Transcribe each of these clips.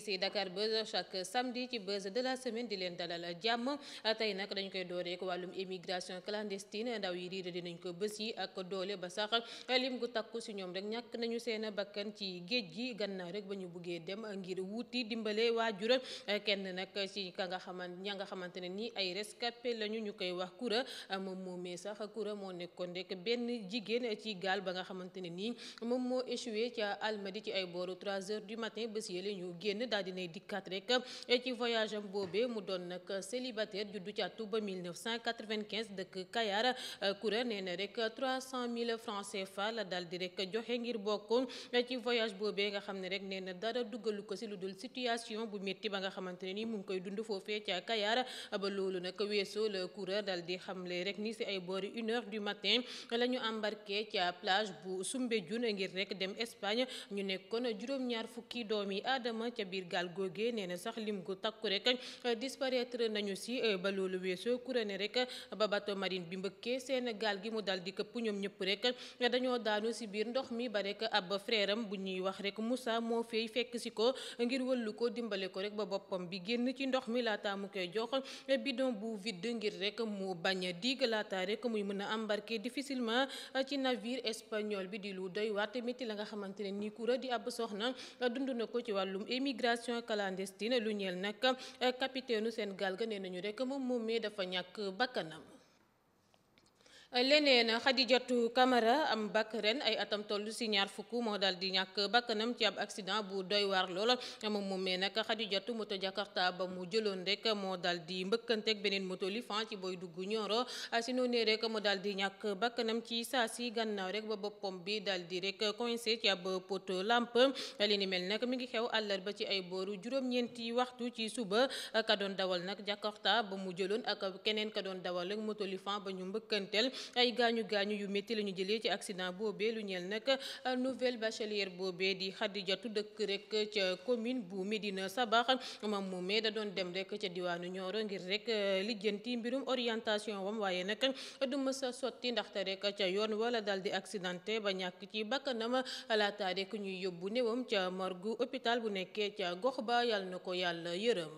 fii si Dakar Buzz chaque samedi ci Buzz de la semaine di leen dalal jàmm tey nag dañ koy dooreek wàllum immigration clandestine ndaw yi riire dinañ ko bés yi ak doole ba sax lim gu takku si ñoom rek ñàkk nañu seen bakkan ci géej gi gannaaw rek ba ñu buggee dem ngir wuuti dimbale waajur kenn nag ci ka nga xamante ne nii ay rescapé lañu ñu koy wax kura moom moomee sax kura moo nekkoon rek benn jigéen ci gaal ba nga xamante ne nii moom moo échoué ca Almadi ci ay booru 3 heures du matin bés Sène daal dinay dikkaat rek ci voyage am boobee mu doon nag célibataire juddu ci àttu ba 1995 dëkk Kayar Koura nee na rek 300 000 francs CFA la daal rek joxe ngir bokk ci voyage boobee nga xam ne rek nee na dara duggalu ko si lu dul situation bu métti ba nga xamante ne ni mu ngi koy dund foofee ca Kayar ba loolu nag weesoo la Koura daal di xamle rek ni si ay boori une heure du matin la ñu embarqué ca plage bu Soumbédioune ngir rek dem Espagne biir gaal googee nee na sax lim gu takku rek euh, disparaître nañu si euh, ba loolu weesoo kurane rek ba bateau marine bi mbëkkee seen gaal gi mu dal di këpp ñoom ñëpp rek dañoo daanu si biir ndox mi ba rek ab frère bu ñuy wax rek Moussa moo fay fekk si ko ngir wëllu ko dimbale ko rek ba boppam bi génn ci ndox mi laata mu koy jox bidon bu vide ngir rek mu bañ a diig laata rek muy mën a embarquer difficilement ci navire espagnol bi di lu doy waat tamit la nga migration clandestine lu ñeel nag capitaine seen gaal ga nee nañu rek moom moomee dafa ñàkk bakkanam leneen Xadijatu Kamara am bak ren ay atam toll si ñaar fukk moo daal di ñàkk bakkanam ci ab accident bu doy waar lool moom moomee nag Xadijatu moto Jakarta ba mu jëloon rek moo daal di mbëkkanteeg beneen moto Lifan ci booy dugg Nioro si noonee rek mu daal di ñàkk bakkanam ci saa si gannaaw rek ba boppam bi daal di rek coincé ci ab pot lampe li ni mel nag mi ngi xew àllarba ci ay booru juróom-ñeenti waxtu ci suba ka doon dawal nag Jakarta ba mu jëloon ak keneen ka doon dawal rek moto Lifan ba ñu mbëkkanteel. ay gaañu gaañu yu métti la ñu jëlee ci accident boobee lu ñeel nag euh, nouvelle bachelière boobee di Xadijatu dëkk rek ca commune bu Médina Sabax moom moomee da doon dem rek ca diwaanu Nioro ngir rek euh, lijjanti mbirum orientation wam waaye nag du mës sotti ndaxte rek ca yoon wala dal di accidenté ba ñàkk ci bakkanam laata rek ñuy yóbbu néewam ca morgue hôpital bu nekkee ca gox ba yàlla na ko yàlla yërëm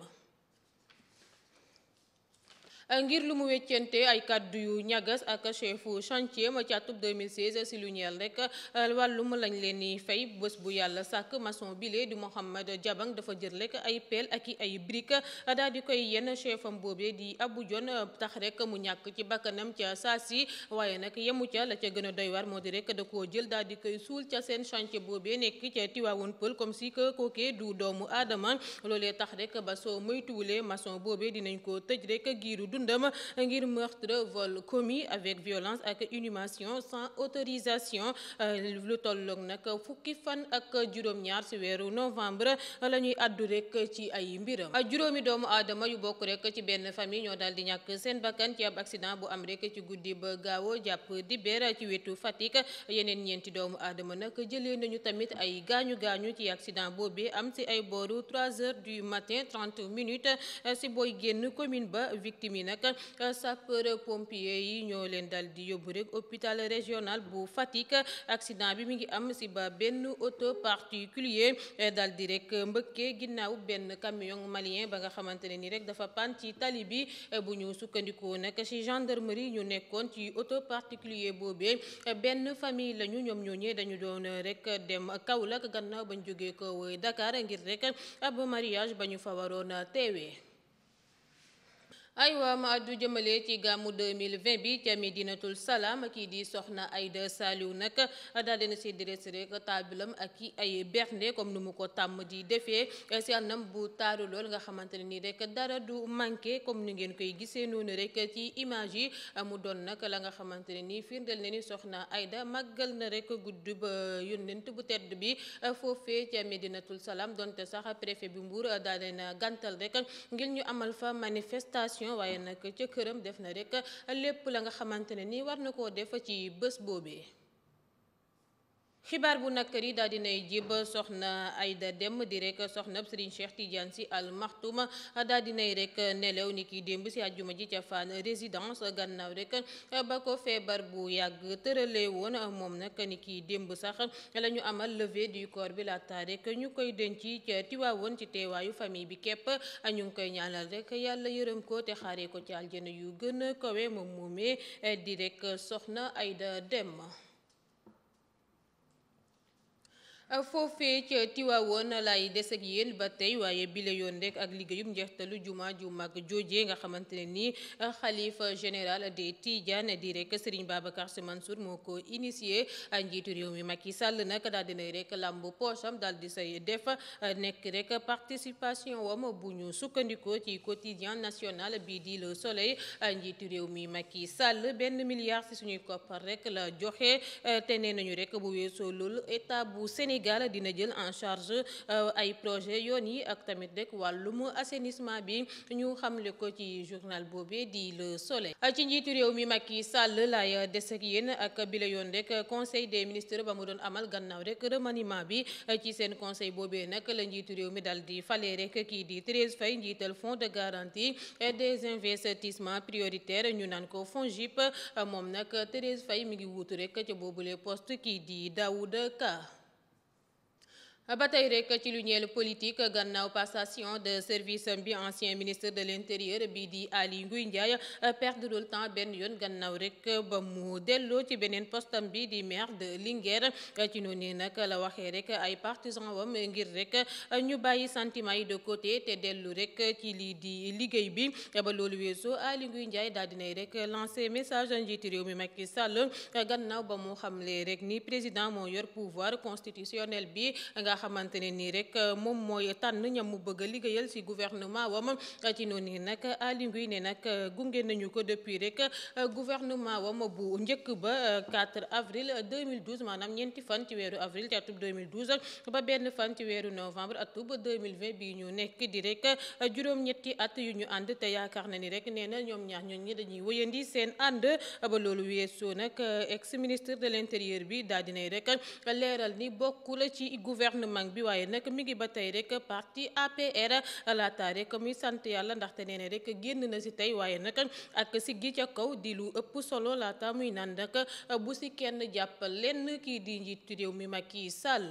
ngir lu mu weccante ay kàddu yu ñagas ak chefu chantier ma ci atub 2016 si lu ñeel rek euh, wàllum lañ leen di fay bés bu yàlla sàkk mason bile di Mohamed jaban dafa jël rek ay peel ak ay brique daal di koy yenn chefam boobee di Abou Jon tax rek mu ñàkk ci bakkanam ca saasi waaye nag yemu ca la ca gën a doy waar moo di rek koo jël daal di koy suul ca seen chantier boobee nekk ca Tiwaawoon Pël comme si que du doomu aadama loolee tax rek ba soo moytuwulee maçon boobee dinañ ko tëj rek giiru dundam ngir meurtre vol commis avec violence ak inhumation sans autorisation euh, lu tolloog nag fukki fan ak juróom-ñaar ci weeru novembre la ñuy àddu rek ci ay mbiram juróomi doomu aadama yu bokk rek ci benn famille ñoo daal di ñàkk seen bakkan ci ab accident bu am rek ci guddi ba gaawoo jàpp di dibéer ci wetu Fatick yeneen ñeenti doomu aadama nag jëlee nañu tamit ay gaañu gaañu ci accident boobee am si ay booru 3 heures du matin 30 minutes ci booy génn ba nag sapeur pompier yi ñoo leen dal di yóbbu rek hôpital régional bu Fatick accident bi mi ngi am si ba benn auto particulier dal di rek mbëkkee ginnaaw benn camion malien ba nga xamante ne ni rek dafa pan ci tali bi bu ñu sukkandikoo nag ci gendarmerie ñu nekkoon ci auto particulier boobee benn famille lañu ñoom ñooñee dañu doon rek dem Kaolack gannaaw ba bañ jógee ko Dakar ngir rekk ab mariage ba ñu fa waroon teewee aywa ma àddu jëmale ci gàmmu 2020 bi ca Medinatul Salaam kii di soxna Aida Saliou nag daal na si dres rek taabilam ak i ay bernde comme nu mu ko tàmm di defee si anam bu taaru lool nga xamante ne nii rek dara du manqué comme ni ngeen koy gisee noonu rek ci image yi mu doon nag la nga xamante ne nii firndeel na ni soxna Aida màggal na rek gudd ba yónnent bu tedd bi foofee ca Medinatul Salaam donte sax préfet bi Mbour daal dina gàntal rek émission waaye nag ca këram def na rek lépp la nga xamante ne nii war na koo def ci bés boobee. xibaar bu nakkari daal dinay jib soxna Aida Dem di rek soxna Serigne Cheikh Tidiane Sy Al Maktoum daal nay rek nelaw ni ki démb si àjjuma ji ca Fann résidence gannaaw rek ba ko feebar bu yàgg tëralee woon moom nag ni ki démb sax la ñu amal levée du corps bi laata rek ñu koy denc ca Tiwaawoon ci teewaayu famille bi képp ñu ngi koy ñaanal rek yàlla yërëm ko te xaaree ko ci aljana yu gën a kawe moom moomee di rek soxna Aida Dem foofee ca Tiwaawoon lay des ak yéen ba tey waaye bile yoon rek ak liggéeyub njeextalu juma ju mag joojee nga xamante ne nii xalifa général des Tidiane di rek Serigne Babacar Sy Mansour moo ko initié njiitu réew mi Macky Sall nag daal dinay rekk làmb poosam daal di say def nekk rek participation wam bu ñu sukkandikoo ci quotidien national bii di Le Soleil njiitu réew mi Macky Sall benn milliard si suñuy koppar rek la joxe te nee nañu rek bu weesoo Sénégal dina jël en charge euh, ay projet yoon yi ak tamit rek wàllum assainissement bi ñu xamle ko ci journal boobe di Le Soleil ci njiitu réew mi mag ki laay des ak yéen ak bi yoon rek conseil des ministres ba mu doon amal gannaaw rek remaniement bi ci seen conseil boobe nag la njiitu réew mi dal di fale rek kii di Thérèse Faye njiital fonds de garantie des investissements prioritaires ñu naan ko FONGIP moom nag Thérèse Faye mi ngi wuutu rek ca boobule poste ba tey rek ci lu ñeel politique gannaaw passation de service bi ancien ministre de l'intérieur bi di Aly Ngouille Ndiaye perdre le temps benn yoon gannaaw rek ba mu delloo ci beneen postam bi di maire de Linguère ci noonu nag la waxee rek ay partisans wam ngir rek ñu bàyyi sentiment yi de côté te dellu rek ci lii di liggéey bi ba loolu weesoo Aly Ngouille Ndiaye daal dinay rek lancé message njiitu réew mi Macky Sall gannaaw ba mu xamle rek ni président moo yor pouvoir constitutionnel bi xamante ne nii rek euh, moom mooy tànn ñam mu bëgg a liggéeyal si gouvernement wam ci noonu yi nag Aly Ngouille ne nag euh, gunge nañu ko depuis rek euh, gouvernement wam bu njëkk ba avril maanaam ñeenti fan ci weeru avril ci atub 2012 ba benn fan ci weeru novembre atub 2020 bi ñu nekk di rek juróom-ñetti at yu ñu ànd te yaakaar na ni rek nee na ñoom ñaax ñooñ ñi dañuy wëyandi seen ànd ba loolu weesoo nag ex ministre de l'intérieur bi daal dinay rek leeral ni bokkul mag bi waaye nag mi ngi ba tey rek parti APR laata rek muy sant yàlla ndaxte nee na rek génn na si tey waaye nag ak si gi ca kaw di lu ëpp solo laata muy naan nag bu si kenn jàppal lenn kii di njiitu réew mi mag kii Sall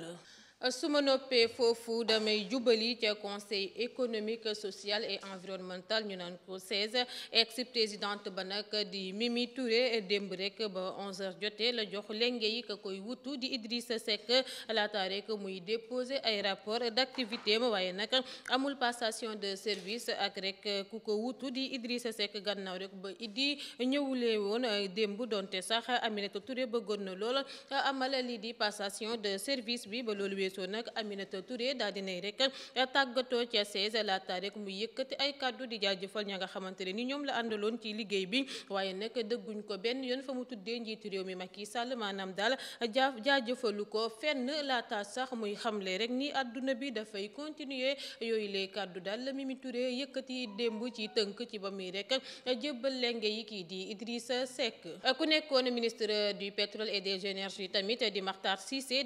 su ma noppee foofu damay jubali ca conseil économique sociale et environnemental ñu naan ko 16 ex présidente ba nag di Mimi Touré démb rek ba 11h jotee la jox lenge yi ka koy wutu di Idrissa Seck laata rek muy déposer ay rapport d' ma waaye nag amul passation de service ak rek ku ko wutu di Idrissa Seck gannaaw rek ba Idi ñëwulee woon démb donte sax Aminata Touré bëggoon na lool amal lii di passation de service bi ba loolu weesoo nag Aminata Touré daal dinay rek eh, tàggatoo ca CESE laata rek mu yëkkati ay kàddu di jaajëfal ña nga xamante ne ni ñoom la àndaloon ci liggéey bi waaye nag dëgguñ ko benn yoon fa mu tuddee njiitu réew mi Macky Sall maanaam daal jaa jaajëfalu ko fenn laata sax muy xamle rek ni àdduna bi dafay continuer yooyu lay kàddu daal la Mimi Touré yëkkati démb ci tënk ci ba muy rek eh, jébbal lenge yi kii di Idrissa Seck eh, ku nekkoon ministre du pétrole et des énergies di Makhtar Cissé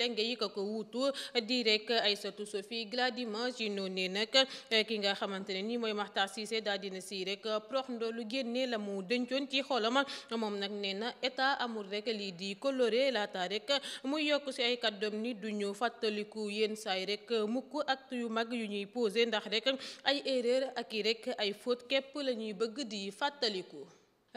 lenge yi ka ko wuutu di rek Aïssatou Sophie Gladima ci noonu nag ki nga xamante ne nii mooy Makhtar Cissé daal dina si rek prox ndoolu génnee la mu dencoon ci xolam moom nag nee na état amul rek lii di coloré laata rek muy yokk si ay kàddoom ni du ñu fàttaliku yenn saay rek mukk acte yu mag yu ñuy posé ndax rek ay erreur ak i rek ay faute képp la ñuy bëgg di fàttaliku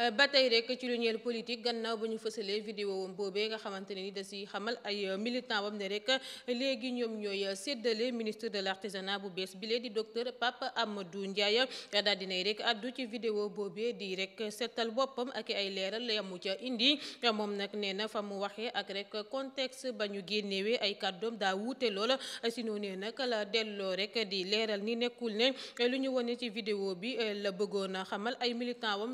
Euh, ba tey rek ci lu ñeel politique gannaaw ba ñu fësalee vidéo boobee nga xamante ne ni da si xamal ay euh, militant wam ne rek léegi ñoom ñooy euh, séddale ministre de l' artisanat bu bees bile di docteur Pape Amadou Ndiaye daal dinay rek addu ci vidéo boobee di rek seetal boppam ak ay leeral yamu ca indi moom nag nee na fa mu waxee ak rek contexte ba ñu génnewee ay kàddoom daa wuute lool si noo ne nag la delloo rek di leeral ni nekkul ne lu ñu wone ci bi bëggoon a ay militant wam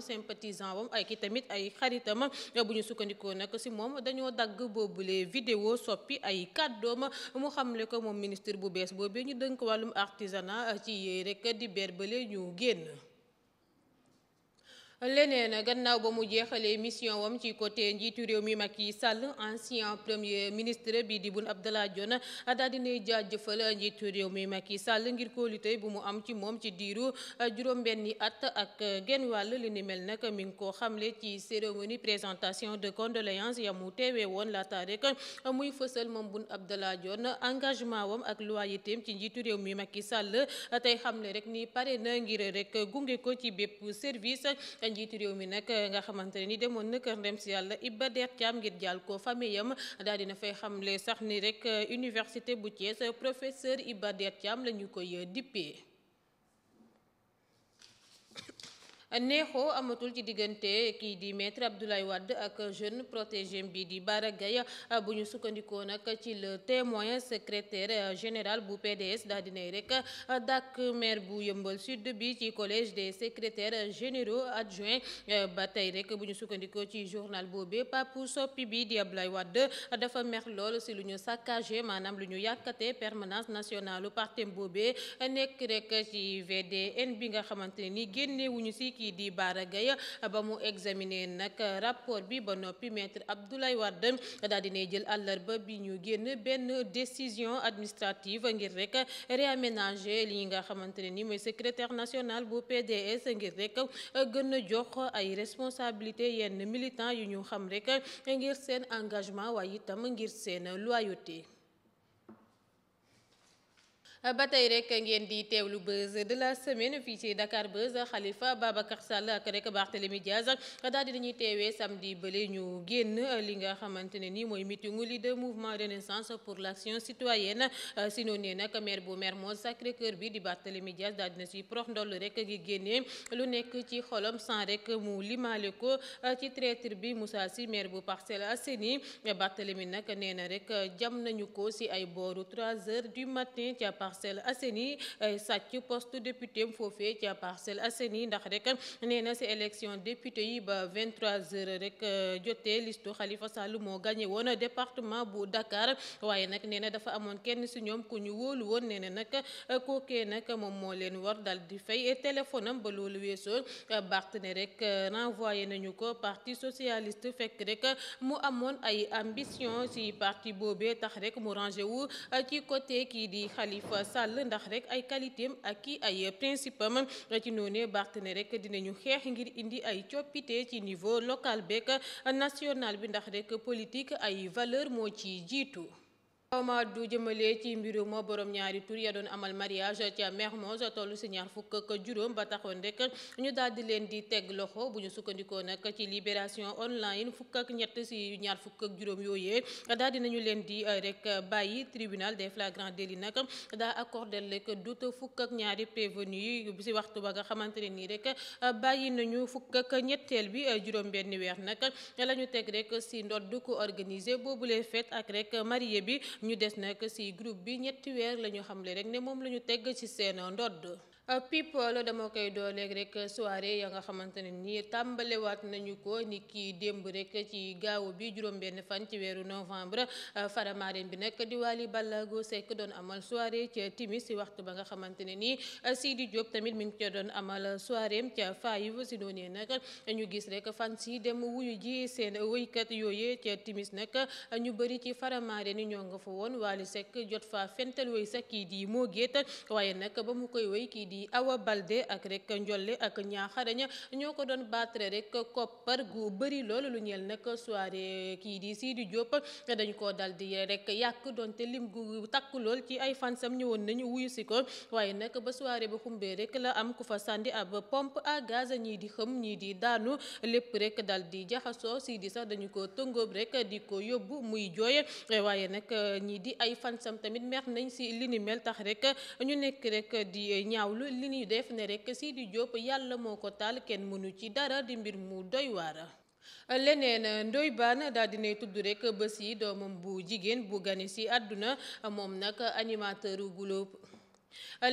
agent ay kii tamit ay xaritam bu ñu sukkandikoo nag si moom dañoo dagg boobule vidéo soppi ay kàddoom mu xamle ko moom ministre bu bees boobee ñu dënk wàllum a ci rek di berbale ñu génn leneen gannaaw ba mu jeexalee mission wam ci côté njiitu réew mi mag Macky Sall ancien premier ministre bi di bun Boun Abdallah Dionne daal dinay jaajëfal njiitu réew mi Macky Sall ngir kóolute bu mu am ci moom ci diiru juróom-benni at ak genn wàll li nag mi ngi ko xamle ci cérémonie présentation de condoléances ya mu teewee woon laata rek muy fësal moom Boun Abdallah Dionne engagement wam ak loyautéem ci njiitu réew mi Macky Sall tey xamle rek ni pare na ngir rek gunge ko ci bépp service njiitu réew mi nag eh, nga xamante ne ni demoon na kër ndem si yàlla Iba Der Thiam ngir jàll ko famiyam daal na fay xamle sax ni rek eh, université bu Thiès eh, professeur Iba Der Thiam la ñu koy dippee neexoo amatul ci diggante kii di maître Abdoulaye Wade ak jeune protégé bi di Bara Gaye bu ñu sukkandikoo nag ci le témoin secretaire général bu PDS daal dinay rek dàkk maire bu yëmbal sud bi ci collège des secrétaires généraux adjoints ba tey rek bu ñu sukkandikoo ci journal boobee papu soppi bi di lay Wade dafa mer lool si lu ñu saccagé maanaam lu ñu yàkkate permanence nationale partem boobee nekk rek ci VDN bi nga xamante ni génnewuñu si kii di Bara Gaye ba mu examiner nag rapport bi ba noppi maître Abdoulaye Wade daal dinay jël àllarba bi ñu génn benn décision administrative ngir rek réaménager li nga xamante ne ni mooy secrétaire national bu PDS ngir rek gën a jox ay responsabilité yenn militants yu ñu xam rek ngir seen engagement waaye itam ngir seen loyauté Euh, ba tey rek ngeen di teewlu buzz de la semaine fii ci Dakar Buzz Khalifa Babacar Sall ak rek Barthélémy Diaz daal di nañuy teewee samedi bële ñu génn euh, li nga xamante ne nii mooy meetingu leader mouvement renaissance pour l'action citoyenne euh, si noonu ne nag maire bu Mermoz Sacré-Cœur bi di Barthélémy Diaz daal dina si prox ndoll rek gi génnee lu nekk ci xolam sans rek mu limaale ko ci traître bi Moussa Sy maire bu Parcelles Assainies Barthélémy nag nee na rek jam nañu ko si ay booru 3 heures Parcelles Assainies euh, sàcc poste député am foofee ca Parcelles Assainies ndax rek nee si élection député yi ba 23h euh, jotee listu Khalifa Sall moo woon département bu Dakar waaye nag nee na dafa amoon kenn si ñoom ku ñu wóolu woon nee na euh, kookee nag moom moo leen war dal di fay téléphone am ba loolu weesoo Barthélémy rek renvoyé nañu ko parti socialiste fekk rek mu amoon ay ambition si parti boobee tax rek mu rangé ci côté kii di Khalifa Sall ndax rek ay qualité am ak i ay principe am ci noonu Barthélémy rek dinañu xeex ngir indi ay coppite ci niveau local beeg national bi ndax rek politique ay valeur moo ci jiitu. ma du jëmale ci mbirum borom ñaari tur ya doon amal mariage ca Mermoz tollu si ñaar fukk ak juróom ba taxoon rek ñu daal di leen di teg loxo bu ñu sukkandikoo nag ci libération online fukk ak ñett si ñaar fukk ak juróom yooyee daal di nañu leen di euh, rek bàyyi tribunal des flagrants délits nag daa accordé rek dut fukk ak ñaari prévenu yi si waxtu ba nga xamante ne nii rek euh, bàyyi nañu fukk ak ñetteel bi euh, juróom-benn weer nag la ñu teg rek si ndodd ko organisé boobule fête ak rek marié bi. ñu des nag si groupe bi ñetti weer la ñu xamle rek ne moom la ñu teg ci seen ndodd Euh, people dama koy doo léegi rek euh, soirée ya nga xamante ne nii tàmbalewaat nañu ko ni ki démb rek ci gaaw bi juróom-benn fan ci weeru novembre euh, Faramareen bi nag di Wally Ballago Seck doon amal soirée ca timis si waxtu ba nga xamante ne nii Sidi Diop tamit mi ngi ca doon amal soirée ca Five si doonee nag ñu gis rek fan si dem wuyu ji seen woykat yooyee ca timis nag ñu bëri ci Faramareen ni ñoo nga fa woon Wally Seck jot fa fental woy sa kii di moo géet waaye nag ba mu koy woy di di Awa Balde ak rek njolle ak ñaaxaraña ñoo ko doon battre rek koppar gu bëri loolu lu ñeel nag soirée kii di Sidi Diop dañ koo dal di rekk yàq donte lim gu takk lool ci ay fansam ñëwoon nañu wuyu si ko waaye nag ba soirée ba xumbee rek la am ku fa sàndi ab pompe à gaz ñii di xëm ñii di daanu lépp rek dal di jaxasoo Sidi sax dañu ko tëngoob rek di ko yóbbu muy jooye waaye nag di ay fansam tamit mer nañ si li ni tax rek ñu nekk rek di ñaawlu li ñuy def ne rek di Diop yàlla moo ko taal kenn mënu ci dara di mbir mu doy waara leneen Ndoye Bane daal nay tudd rekk bés yi doomam bu jigéen bu gane si àdduna moom nag animateur groupe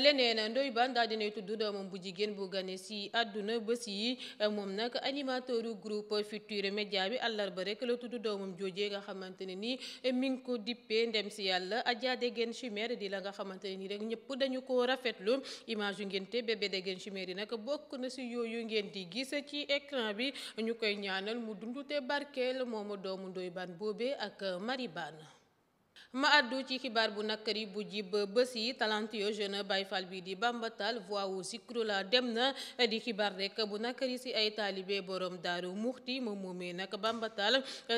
leneen Ndoye Bane daal dinay tudd doomam bu jigéen bu gane si àdduna bés yi moom nag animateur groupe Futurs Médias bi àllarba rek la tudd doomam joojee nga xamante ne ni mi ngi ko dippee ndem si yàlla Adja Degen Chimère di la nga xamante ne ni rek ñëpp dañu ko rafetlu image yu ngénte bébé Degen Chimère yi nag bokk na si yooyu ngeen di gis ci écran bi ñu koy ñaanal mu dund te barkeel moomu doomu Ndoye boobee ak Marie ma àddu ci xibaar bu nakkari bu jib bés yi talentueux jeune bayfal bii di bambataal voix wu zikru la dem na di xibaar rekk bu nakkari si ay taalibe borom daaru muxti moom moomee nag bambatal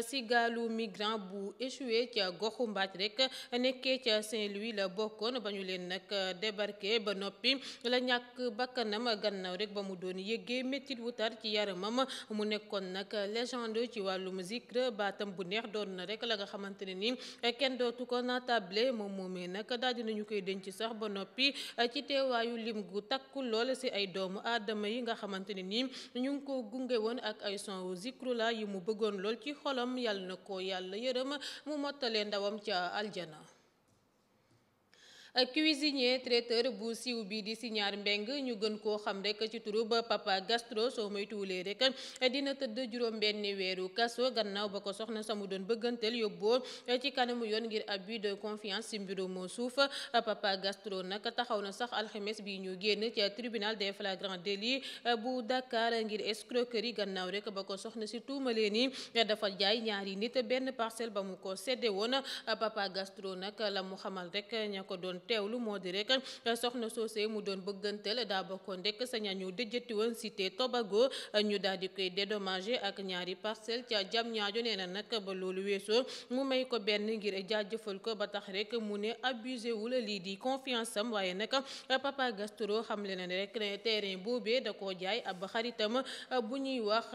si gaalu migrant bu échoué ca goxu mbaaj rekk nekkee ca Saint-Louis la bokkoon ba ñu leen nag débarqué ba noppi la ñàkk bakkanam gannaaw rek ba mu doon yëggee méttit wu tar ci yaramam mu nekkoon nag légende ci wàllum zikr baatam bu neex doon na rekk la nga xamante ne ni ko natable moom moome nag daal nañu koy denc sax ba noppi eh, ci teewaayu lim gu takkul lool si ay doomu aadama yi nga xamante ne nii ñu ko gunge woon ak ay son zikrula yi mu bëggoon lool ci xolam yàlla na ko yàlla yërëm mu mottalee ndawam ca aljana Euh, cuisinier traiteur bu siiw bi di Signar Mbeng ñu gën koo xam rek ci turu ba papa gastro soo moytuwulee rek dina tëdd juróom benn weeru kaso gannaaw ba ko soxna samu doon bëggantel yóbboo euh, ci kanamu yoon ngir abus de confiance si mbirum suuf euh, papa gastro nag taxaw na sax alxemes bi ñu génn ci tribunal des flagrants délits bu Dakar ngir escroquerie gannaaw rek ba ko soxna si tuumalee ni dafa jaay ñaari nit benn parcelle ba mu ko sedde woon papa gastro nag la mu xamal rek ña ko doon teewlu moo di rek eh, soxna soosé mu doon bëggantel daa bokkoon rek sa ñañu dëjëti woon cité Tobago eh, ñu daal di koy dédommagé ak ñaari parcelle ca jam ñaajo nee na nag ba loolu weesoo mu may ko benn ngir jaajëfal ko ba tax rek mu ne abusé wul lii di confiance am waaye nag eh, Papa Gastro xam le na rek ne terrain boobee da koo jaay ab xaritam bu ñuy wax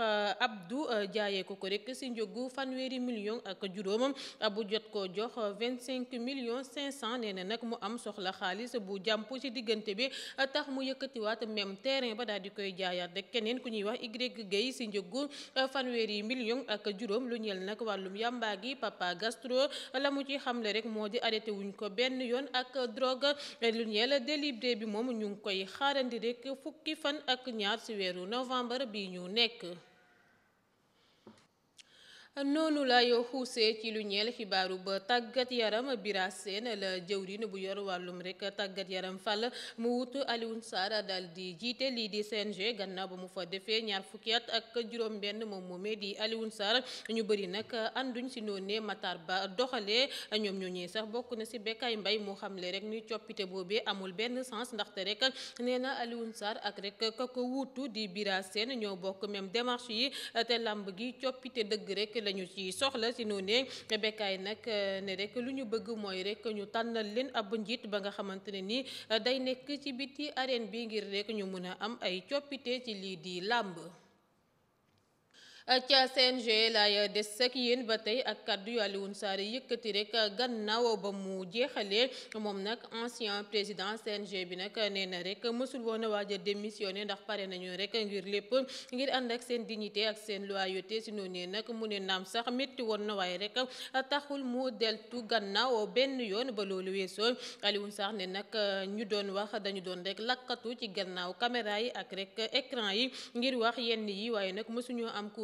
Abdou jaayee ko ko rek si njëgu fanweeri million ak juróom bu jot koo jox vingt cinq millions mu am am soxla xaalis bu jàmp ci diggante bi tax mu yëkkati waat même terrain ba daal di koy jaayaat rek keneen ku ñuy wax Y Guèye si njëggu fanweeri million ak juróom lu ñeel nag wàllum yàmbaa gi papa gastro la mu ci xamle rek moo di arrêté wuñ ko benn yoon ak drogue lu ñeel délibéré bi moom ñu ngi koy xaarandi rek fukki fan ak ñaar si weeru novembre bi ñu nekk noonu la yoo xuusee ci lu ñeel xibaaru ba tàggat yaram Bira Sène la jëwrin bu yor wàllum rek tàggat yaram fal mu wut aliwun Sarr dal di jiite lii di seen CNG gannaaw ba mu fa defee ñaar fukki at ak juróom-benn moom moomee di Alioune Sarr ñu bëri nag ànduñ si noonee Matar Ba doxalee ñoom ñooñee sax bokk na si Bekkaay Mbay moo xamle rek ni coppite boobee amul benn sens ndaxte rek nee na Alioune Sarr ak rek ka ko wuutu di Bira Sène ñoo bokk même démarche yi te làmb gi coppite dëgg rek. lañu ci soxla si noonu ne bekkaay nag euh, ne rek lu ñu bëgg mooy rekk ñu tànnal leen ab njiit ba nga xamante ne ni euh, day nekk ci biti arène bi ngir rekk ñu mën a am ay coppite ci lii di làmb ca CNG lay des ak yéen ba tey ak kaddu yu Alioune Sarr yëkkati rek gannaaw ba mu jeexalee moom nag ancien président CNG bi nag nee na rek mësul woon a waaj a démissionné ndax pare nañu rek ngir lépp ngir ànd ak seen dignité ak seen loyauté si noonu nag mu ne naam sax métti woon na waaye rek taxul mu deltu gannaaw benn yoon ba loolu weesoo Alioune Sarr ne nag ñu doon wax dañu doon rek lakkatu ci gannaaw caméra yi ak rek écran yi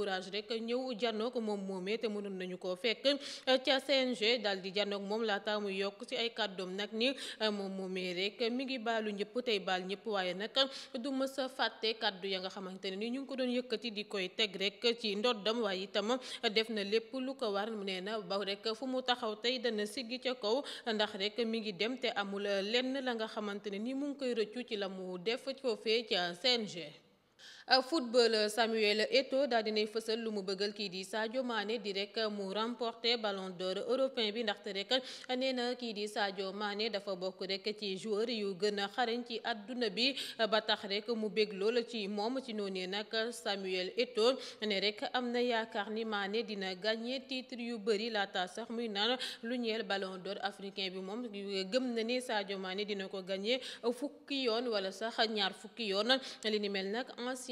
courage rek ñëw janook moom moomee te mënoon nañu koo fekk eh, ca CNG daal di janook moom laa laata muy yokk ci ay kàddoom nag ni eh, moom moomee rek mi ngi baalu ñëpp tey baal ñëpp waaye nag du mës a fàtte kàddu ya nga xamante ne ni ñu ngi ko doon yëkkati di koy teg rek ci ndoddam waaye itam def na lépp lu ko war mu nee na ba rek fu mu taxaw tey dana sigg ca kaw ndax rek mi ngi dem te amul eh, lenn la nga xamante ne ni mu ngi koy rëccu ci la mu def foofee ca CNG Euh, footballeur Samuel Eto'o daal dinay fësal lu mu bëggal kii di Sadio maane di rek mu remporter ballon d'or européen bi ndaxte rek nee na kii di Sadio Mané dafa bokk rek ci joueur yu gën a xarañ ci àdduna bi ba tax rek mu bég lool ci moom ci noonu nag Samuel Eto'o ne rek am na yaakaar ni Mané dina gagné titre yu bëri laata sax muy naan lu ñeel ballon d'or africain bi moom gëm na ni Sadio Mané dina ko gagné fukki yoon wala sax ñaar fukki yoon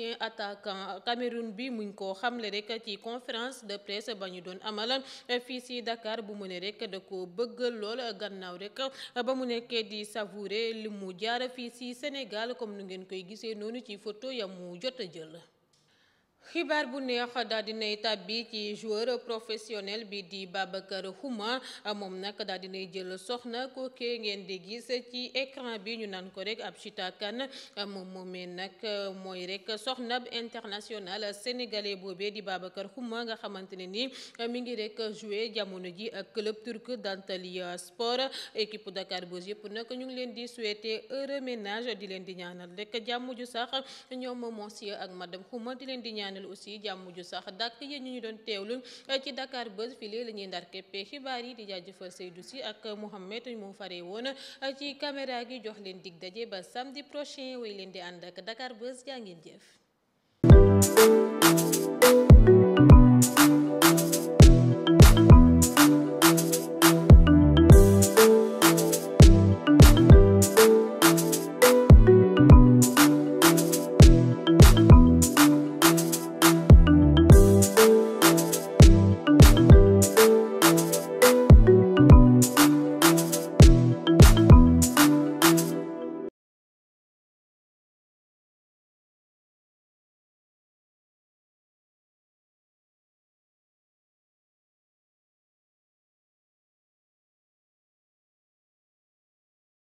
ancien attaquant Cameroun bi muñ koo xamle rek ci conférence de presse ba ñu doon amal fii si Dakar bu mu ne rek da ko bëgg lool gannaaw rek ba mu nekkee di savourer li mu jaar fii si Sénégal comme nu ngeen koy gisee noonu ci photo ya mu jot a jël. xibaar bu neex daal dinay tàbbi ci joueur professionnel bi di Babacar Xuma moom nag daal dinay jël soxna kooke ngeen di gis ci écran bi ñu naan ko rek ab Chita Kane moom moomee nag mooy rek soxna international sénégalais boobee di Babacar Xuma nga xamante ne ni mi ngi rek joué jamono ji ak club turc d'Antalya Sport équipe Dakar Buzz yëpp nak ñu ngi leen di souhaiter heureux ménage di leen di ñaanal rek jàmm ju sax ñoom monsieur ak madame Xuma di leen di ñaanal ñaanal aussi jàmm ju sax dàkk yéen ñu ñu doon teewlu ci Dakar Buzz file la ñuy ndar képpee xibaar yi di jaajëfal Seydou si ak Mouhamed mu fare woon ci caméra gi jox leen dig daje ba samedi prochain way leen di ànd ak Dakar bés jaa ngeen jëf